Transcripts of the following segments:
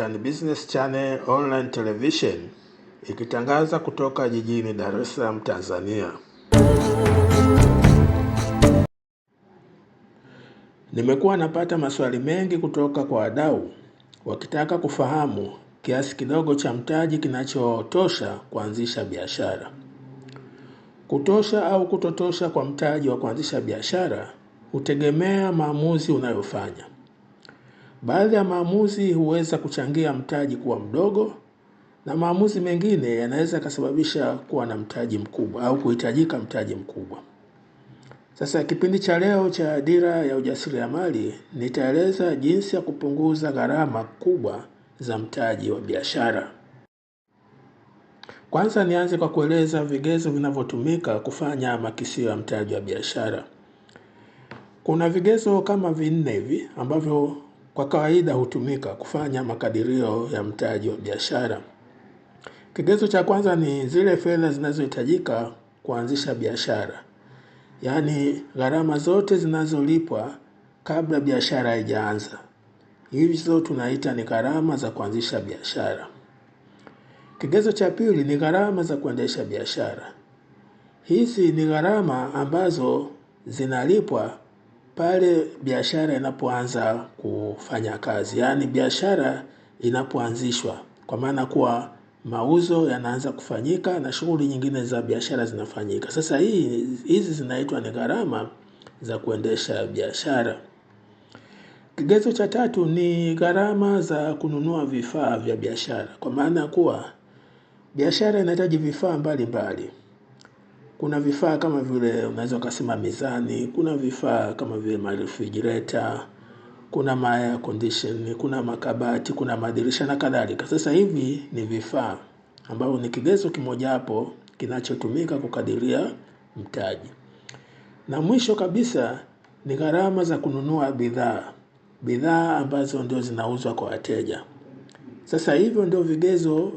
Tan Business Channel Online Television ikitangaza kutoka jijini Dar es Salaam, Tanzania. Nimekuwa napata maswali mengi kutoka kwa wadau wakitaka kufahamu kiasi kidogo cha mtaji kinachotosha kuanzisha biashara. Kutosha au kutotosha kwa mtaji wa kuanzisha biashara hutegemea maamuzi unayofanya. Baadhi ya maamuzi huweza kuchangia mtaji kuwa mdogo na maamuzi mengine yanaweza yakasababisha kuwa na mtaji mkubwa au kuhitajika mtaji mkubwa. Sasa kipindi cha leo cha Dira ya Ujasiriamali nitaeleza jinsi ya kupunguza gharama kubwa za mtaji wa biashara. Kwanza nianze kwa kueleza vigezo vinavyotumika kufanya makisio ya mtaji wa biashara. Kuna vigezo kama vinne hivi ambavyo kwa kawaida hutumika kufanya makadirio ya mtaji wa biashara. Kigezo cha kwanza ni zile fedha zinazohitajika kuanzisha biashara. Yaani gharama zote zinazolipwa kabla biashara haijaanza. Hizo tunaita ni gharama za kuanzisha biashara. Kigezo cha pili ni gharama za kuendesha biashara. Hizi ni gharama ambazo zinalipwa pale biashara inapoanza kufanya kazi, yaani biashara inapoanzishwa. Kwa maana kuwa mauzo yanaanza kufanyika na shughuli nyingine za biashara zinafanyika. Sasa hii hizi zinaitwa ni gharama za kuendesha biashara. Kigezo cha tatu ni gharama za kununua vifaa vya biashara. Kwa maana kuwa biashara inahitaji vifaa mbalimbali. Kuna vifaa kama vile unaweza ukasema mizani, kuna vifaa kama vile marefrigerator, kuna ma air condition, kuna makabati, kuna madirisha na kadhalika. Sasa hivi ni vifaa ambavyo ni kigezo hapo kinachotumika kukadiria mtaji. Na mwisho kabisa ni gharama za kununua bidhaa. Bidhaa ambazo ndio zinauzwa kwa wateja. Sasa hivyo ndio vigezo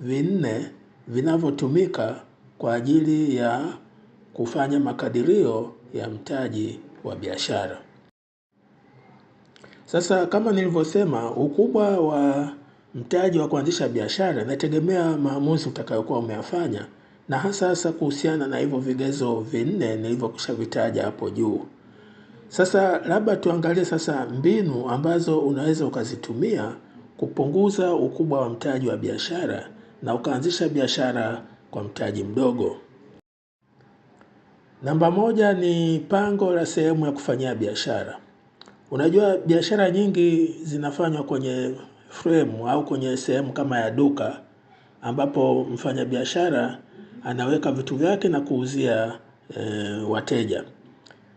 vinne vinavyotumika kwa ajili ya kufanya makadirio ya mtaji wa biashara. Sasa kama nilivyosema, ukubwa wa mtaji wa kuanzisha biashara inategemea maamuzi utakayokuwa umeyafanya na hasa hasa kuhusiana na hivyo vigezo vinne nilivyokwisha vitaja hapo juu. Sasa labda tuangalie sasa mbinu ambazo unaweza ukazitumia kupunguza ukubwa wa mtaji wa biashara na ukaanzisha biashara kwa mtaji mdogo. Namba moja ni pango la sehemu ya kufanyia biashara. Unajua biashara nyingi zinafanywa kwenye fremu au kwenye sehemu kama ya duka ambapo mfanyabiashara anaweka vitu vyake na kuuzia e, wateja.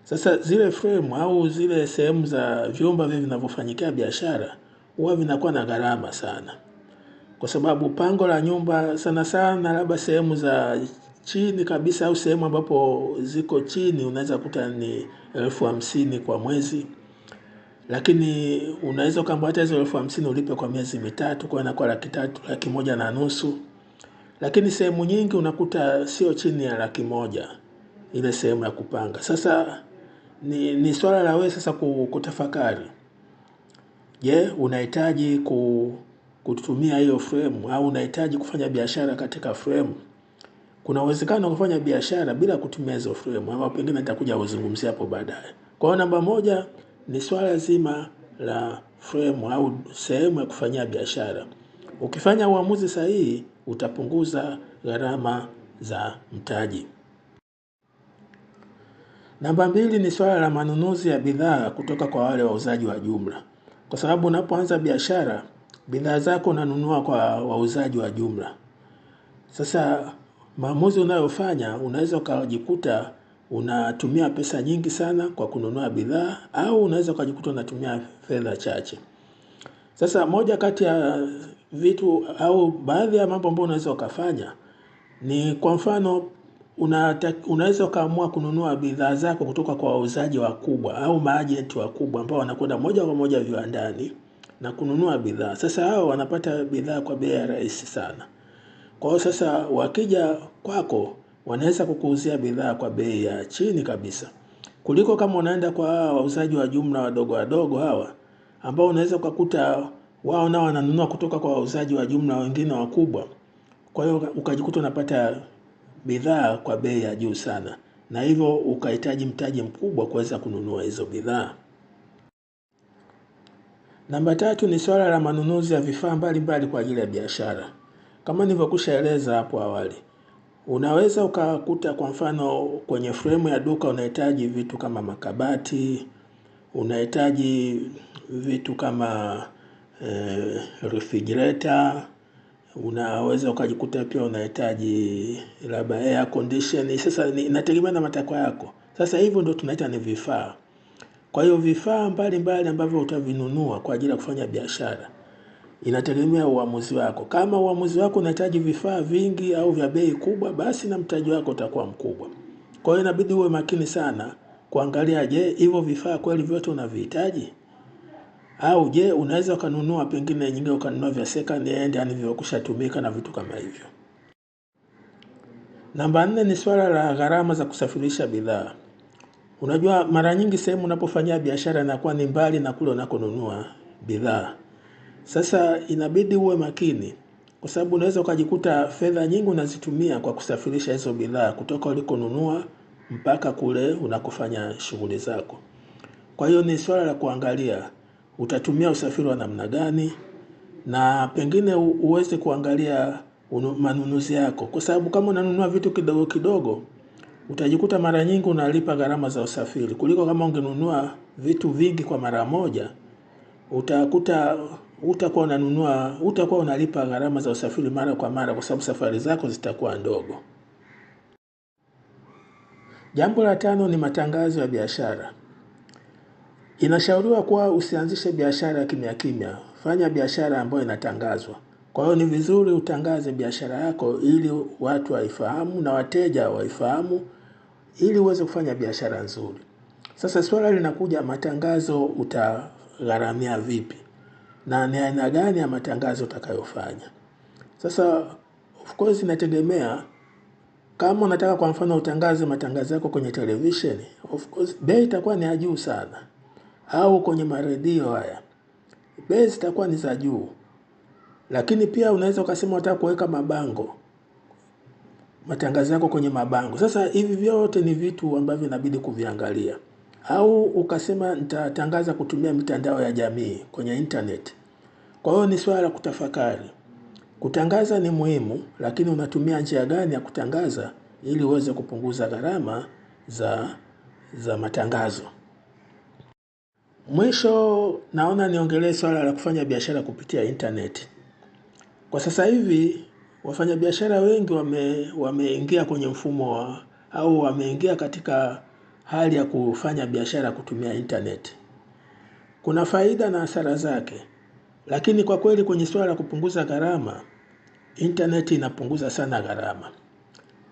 Sasa zile fremu au zile sehemu za vyumba vile vinavyofanyikia biashara huwa vinakuwa na gharama sana. Kwa sababu pango la nyumba sana sana labda sehemu za chini kabisa au sehemu ambapo ziko chini unaweza kuta ni elfu hamsini kwa mwezi. Lakini unaweza hata hizo elfu hamsini ulipe kwa miezi mitatu kwa inakuwa laki tatu, laki moja na nusu. Lakini sehemu nyingi unakuta sio chini ya laki moja ile sehemu ya kupanga. Sasa ni, ni swala la wewe sasa kutafakari. Je, unahitaji ku kutumia hiyo fremu au unahitaji kufanya biashara katika fremu, kuna uwezekano wa kufanya biashara bila kutumia hizo fremu, ama pengine nitakuja kuzungumzia hapo baadaye. Kwa hiyo namba moja ni swala zima la fremu au sehemu ya kufanyia biashara. Ukifanya uamuzi sahihi utapunguza gharama za mtaji. Namba mbili ni swala la manunuzi ya bidhaa kutoka kwa wale wauzaji wa jumla, kwa sababu unapoanza biashara bidhaa zako unanunua kwa wauzaji wa jumla. Sasa maamuzi unayofanya unaweza ukajikuta unatumia pesa nyingi sana kwa kununua bidhaa au unaweza ukajikuta unatumia fedha chache. Sasa moja kati ya vitu au baadhi ya mambo ambayo unaweza ukafanya ni kwa mfano unaweza ukaamua kununua bidhaa zako kutoka kwa wauzaji wakubwa au maajenti wakubwa ambao wanakwenda moja kwa moja viwandani na kununua bidhaa. Sasa hao wanapata bidhaa kwa bei ya rahisi sana. Kwa hiyo sasa wakija kwako wanaweza kukuuzia bidhaa kwa bei ya chini kabisa kuliko kama unaenda kwa hawa wauzaji wa jumla wadogo wadogo hawa ambao unaweza ukakuta wao nao wananunua kutoka kwa wauzaji wa jumla wengine wakubwa. Kwa hiyo ukajikuta unapata bidhaa kwa bei ya juu sana na hivyo ukahitaji mtaji mkubwa kuweza kununua hizo bidhaa. Namba tatu ni swala la manunuzi ya vifaa mbalimbali kwa ajili ya biashara. Kama nilivyokushaeleza hapo awali, unaweza ukakuta kwa mfano kwenye fremu ya duka unahitaji vitu kama makabati, unahitaji vitu kama eh, refrigerator, unaweza ukajikuta pia unahitaji labda air condition. Sasa inategemea na matakwa yako. Sasa hivyo ndio tunaita ni vifaa. Kwa hiyo vifaa mbalimbali ambavyo utavinunua kwa ajili ya kufanya biashara inategemea uamuzi wako. Kama uamuzi wako unahitaji vifaa vingi au vya bei kubwa, basi na mtaji wako utakuwa mkubwa. Kwa hiyo inabidi uwe makini sana kuangalia, je, hivyo vifaa kweli vyote unavihitaji? Au je, unaweza ukanunua pengine nyingine ukanunua vya second hand, yaani vimekwishatumika na vitu kama hivyo. Namba nne ni swala la gharama za kusafirisha bidhaa. Unajua mara nyingi sehemu unapofanyia biashara inakuwa ni mbali na kule unakonunua bidhaa. Sasa inabidi uwe makini kwa sababu unaweza ukajikuta fedha nyingi unazitumia kwa kusafirisha hizo bidhaa kutoka ulikonunua mpaka kule unakofanya shughuli zako. Kwa hiyo ni swala la kuangalia utatumia usafiri wa namna gani na pengine uweze kuangalia manunuzi yako. Kwa sababu kama unanunua vitu kidogo kidogo utajikuta mara nyingi unalipa gharama za usafiri kuliko kama ungenunua vitu vingi kwa mara moja, utakuta utakuwa unanunua utakuwa unalipa gharama za usafiri mara kwa mara kwa sababu safari zako zitakuwa ndogo. Jambo la tano ni matangazo ya biashara. Inashauriwa kuwa usianzishe biashara kimya kimya, fanya biashara ambayo inatangazwa. Kwa hiyo ni vizuri utangaze biashara yako ili watu waifahamu na wateja waifahamu ili uweze kufanya biashara nzuri. Sasa swala linakuja matangazo utagharamia vipi? Na ni aina gani ya matangazo utakayofanya? Sasa of course inategemea kama unataka kwa mfano utangaze matangazo yako kwenye television, of course bei itakuwa ni ya juu sana, au kwenye maredio haya bei zitakuwa ni za juu. Lakini pia unaweza ukasema unataka kuweka mabango matangazo yako kwenye mabango. Sasa hivi vyote ni vitu ambavyo inabidi kuviangalia, au ukasema nitatangaza kutumia mitandao ya jamii kwenye internet. Kwa hiyo ni swala la kutafakari. Kutangaza ni muhimu, lakini unatumia njia gani ya kutangaza ili uweze kupunguza gharama za za matangazo. Mwisho naona niongelee swala la kufanya biashara kupitia internet. Kwa sasa hivi wafanyabiashara wengi wame, wameingia kwenye mfumo wa au wameingia katika hali ya kufanya biashara kutumia internet. Kuna faida na hasara zake, lakini kwa kweli kwenye suala la kupunguza gharama, internet inapunguza sana gharama,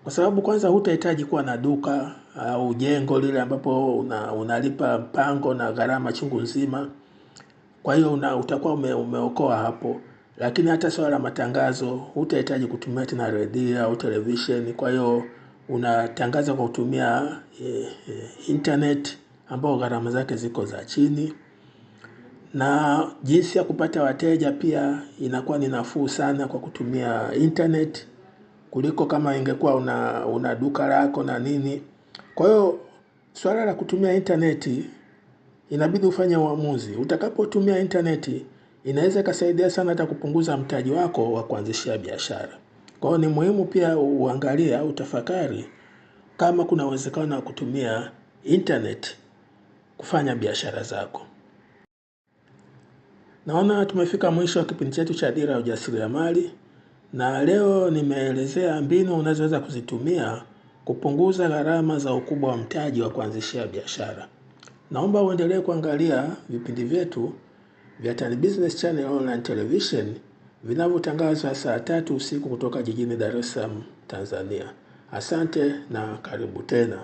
kwa sababu kwanza hutahitaji kuwa na duka au jengo lile ambapo una, unalipa mpango na gharama chungu nzima. Kwa hiyo una, utakuwa ume, umeokoa hapo lakini hata swala la matangazo, hutahitaji kutumia tena redio au televisheni. Kwa hiyo unatangaza kwa kutumia e, e, internet ambao gharama zake ziko za chini, na jinsi ya kupata wateja pia inakuwa ni nafuu sana kwa kutumia internet kuliko kama ingekuwa una, una duka lako na nini. Kwa hiyo swala la kutumia intaneti inabidi ufanye uamuzi. Utakapotumia intaneti inaweza ikasaidia sana hata kupunguza mtaji wako wa kuanzishia biashara. Kwa hiyo ni muhimu pia uangalie au tafakari kama kuna uwezekano wa kutumia internet kufanya biashara zako. Naona tumefika mwisho wa kipindi chetu cha Dira ya Ujasiriamali na leo nimeelezea mbinu unazoweza kuzitumia kupunguza gharama za ukubwa wa mtaji wa kuanzishia biashara. Naomba uendelee kuangalia vipindi vyetu vya Tan Business Channel Online Television vinavyotangazwa saa tatu usiku kutoka jijini Dar es Salaam, Tanzania. Asante na karibu tena.